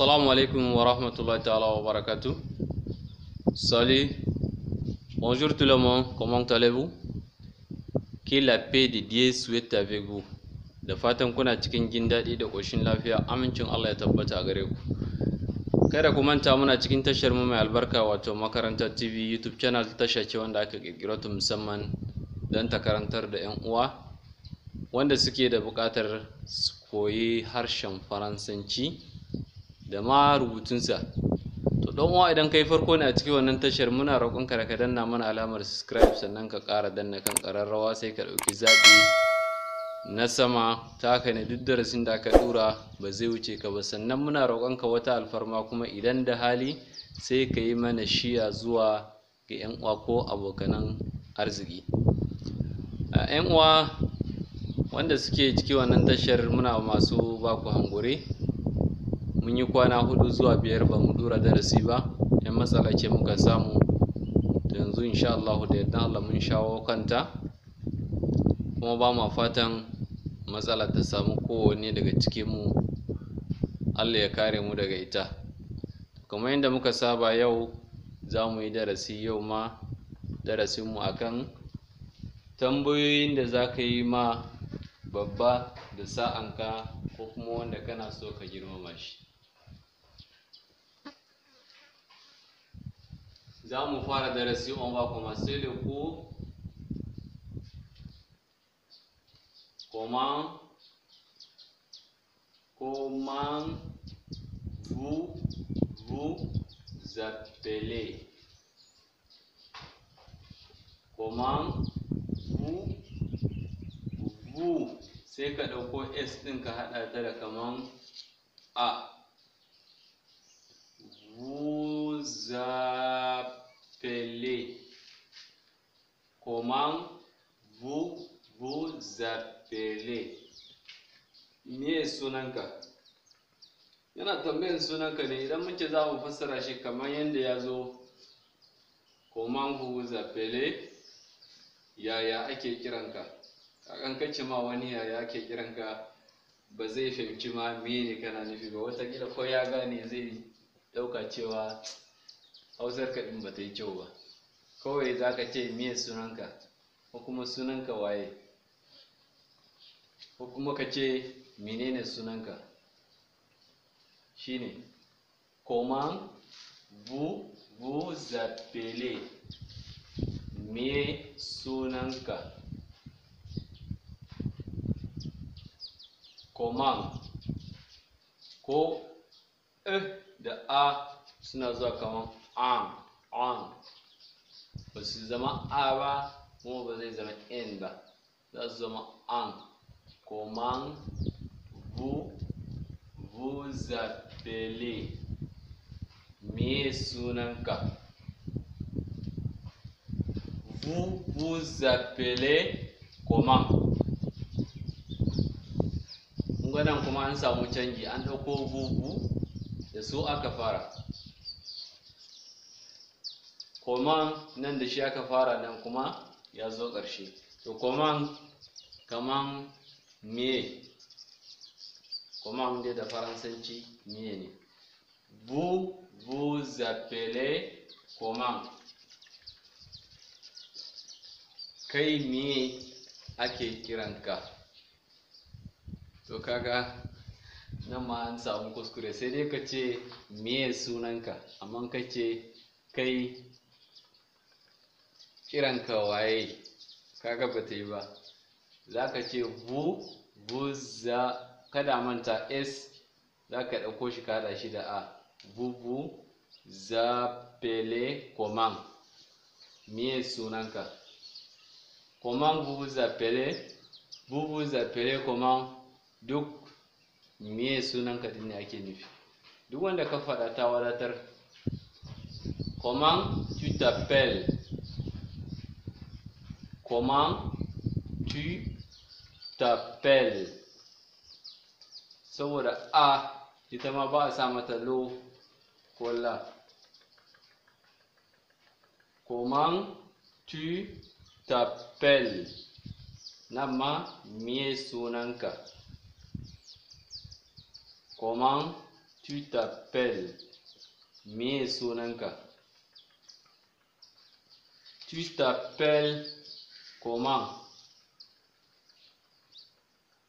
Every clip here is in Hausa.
Assalamu alaikum wa rahmatullahi ta'ala wa barakatu. Salut. Bonjour tout le monde. Comment allez-vous? Que la paix de Dieu souhaite avec vous. Da fatan kuna cikin jin daɗi da ƙoshin lafiya amincin Allah ya tabbata a gare ku. Kada ku manta muna cikin tashar mu mai albarka wato makaranta TV YouTube channel tasha ce wanda aka kirkiro ta musamman don ta karantar da 'yan uwa wanda suke da buƙatar su koyi harshen Faransanci. da ma rubutunsa to dan uwa idan kai farko ne a cikin wannan tashar muna roƙon ka da ka danna mana alamar subscribe sannan ka ƙara danna kan ƙararrawa sai ka ɗauki zaɓi na sama ta haka ne duk darasin da ka ɗura ba zai wuce ka ba sannan muna roƙon ka wata alfarma kuma idan da hali sai ka yi mana shiya zuwa ga 'yan uwa ko abokanan arziki a 'yan uwa wanda suke ciki wannan tashar muna masu baku hangure mun yi kwana hudu zuwa biyar ba mu dura darasi ba yan matsala ce muka samu yanzu insha Allah da yadda Allah mun shawo kanta kuma ba ma fatan matsala ta samu kowanne daga cikin mu Allah ya kare mu daga ita kamar yadda muka saba yau za mu yi darasi yau ma darasin mu akan tambayoyin da za ka yi ma babba da sa'anka ko kuma wanda kana so ka girmama shi za mu fara darasi on va commencer le cours comment comment vous vous appelez comment vous vous sai ka ɗauko s ɗin ka haɗa ta da kaman a vous appelez appeler comment vous vous appelez sunanka yana tambayan sunanka ne idan muke za mu fassara shi kamar yadda ya zo comment vous za appelez yaya ake kiranka kakan kace ma wani yaya ake kiranka ba zai fahimci ma mene kana nufi ba wata kila ko ya gane zai dauka cewa hausar ka din ba ta yi kyau ba kawai za ka ce miye sunanka ko kuma sunanka waye ko kuma ka ce menene sunanka shine comment bu, bu, appelez me sunanka comment ko eh da a suna zuwa kaman on on ba su zama a ba kuma ba zai zama in ba za su zama an ko man vu, vous appelez me sunanka ko man. Mun ga kun kuma an samu canji an ɗauko vu da su aka fara Koman nan da shi aka fara nan kuma ya zo ƙarshe to koman kaman me koman dai da faransanci me ne bu bu appelez koman. kai me ake kiranka to kaga nan ma an samu kuskure sai dai ka ce me sunanka amma ka ce kai kiran ka waye kaga ba ta yi ba za ka ce bu bu za kada manta s za ka ɗauko shi kada shi da a bu za zapele koman miye sunanka koman bu bu za zapele koman duk miye sunanka din ne ake nufi duk wanda ka faɗa ta wadatar koman tu t'appelles Comment tu t'appelles? Saboda a ita ma ba a sa mata lo ko la. Comment tu t'appelles? Nan ma miye sunanka. Comment tu t'appelles? Miye sunanka. Tu t'appelles Comment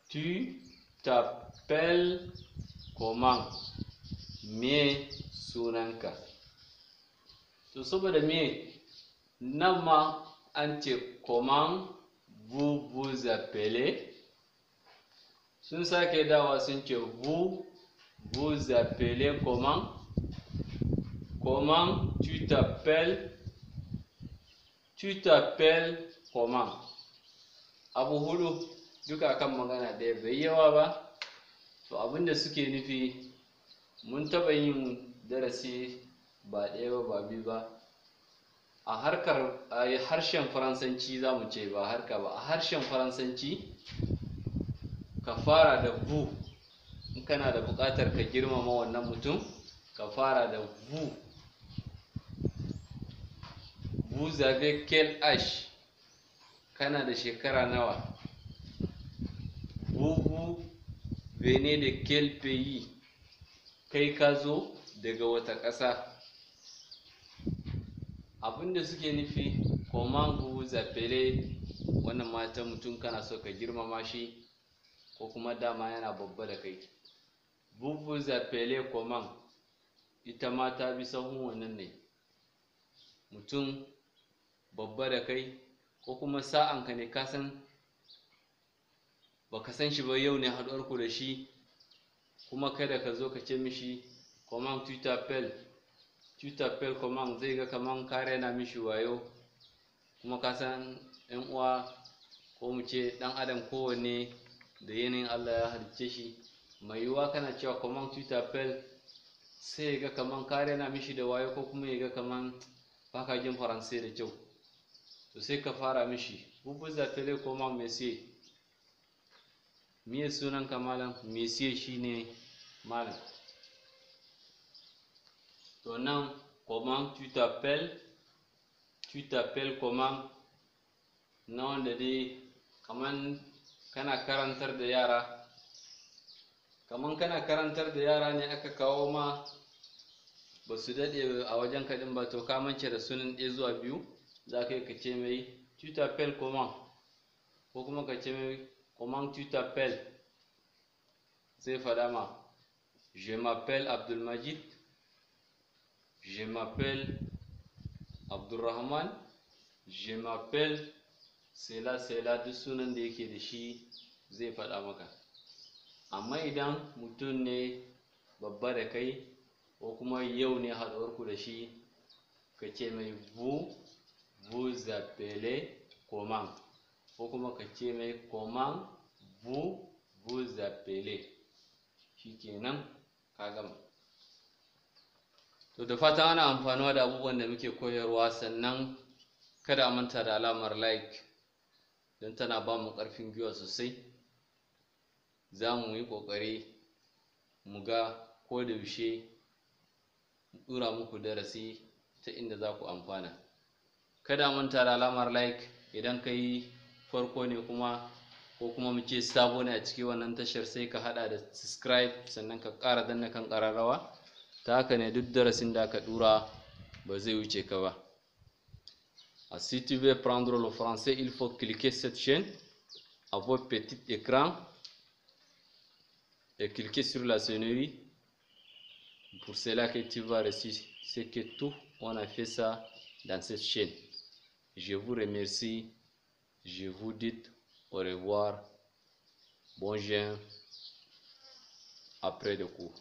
Tu t'appelles comment Me sur un pas, me mie. comment vous vous appelez Sunsa que vous vous appelez comment Comment tu t'appelles Tu t'appelles koma abu hudu duka kan magana ɗaya bai yawa ba to abinda suke nufi mun taɓa yin darasi ba ɗaya ba ba biyu ba a harkar harshen faransanci za mu ce ba harka ba a harshen faransanci ka fara da bu in kana da buƙatar ka girmama wannan mutum ka fara da bu Bu zabe kel ash. kana da shekara nawa bubu bene da kelpeyi kai ka zo daga wata ƙasa abinda suke nufi komangu zafere wannan matan mutum kana so ka girmama shi ko kuma dama yana babba da kai bubu zafere koman ita ma ta bi sahun wannan ne mutum babba da kai ko kuma sa'anka ne ka san ba ka san shi ba yau ne haɗuwarku da shi kuma kada ka zo ka ce mishi command twitter pel twitter pel command zai ga kaman ka raina mishi wayo kuma ka san yan uwa ko mu ce ɗan adam kowanne da yanayin allah ya halicce shi mai yiwuwa kana cewa command twitter pel sai ya ga kaman ka raina mishi da wayo ko kuma ya ga kaman baka jin faransai da kyau to sai ka fara mishi vous vous ma comment monsieur miye sunanka malam monsieur shine malam to nan comment tu t'appelle tu t'appelle comment na wanda dai kaman kana karantar da yara kaman kana karantar da yara ne aka kawo ma ba su daɗe a wajen kaɗin ba to kamance da sunan ɗaya zuwa biyu za ka yi ka ce tu t'appelles comment ko kuma ka comment tu t'appelles zai faɗa ma je m'appelle abdulmajid je m'appelle abdulrahman je m'appelle sela sela duk sunan da yake da shi zai faɗa maka amma idan mutum ne babba da kai ko kuma yau ne haɗuwarku da shi ka ce mai vous appelez comment ko kuma ka ce mai comment vous vous appelez shikenan ka gama to da fatan ana amfanuwa da abubuwan da muke koyarwa sannan kada a manta da alamar like don tana ba mu ƙarfin gwiwa sosai za mu yi ƙoƙari mu ga ko da yaushe mu ɗura muku darasi ta inda za ku amfana kada manta da alamar like idan ka yi farko ne kuma ko kuma mu ce sabo ne a cikin wannan tashar sai ka hada da subscribe sannan ka kara danna kan ƙararrawa ta haka ne duk darasin da aka dura ba zai wuce ka ba a si tu veux prendre le français il faut cliquer cette chaîne à votre petit écran et cliquer sur la sonnerie pour cela que tu vas réussir c'est que tout on a fait ça dans cette chaîne Je vous remercie. Je vous dis au revoir. Bon jour. Après le cours.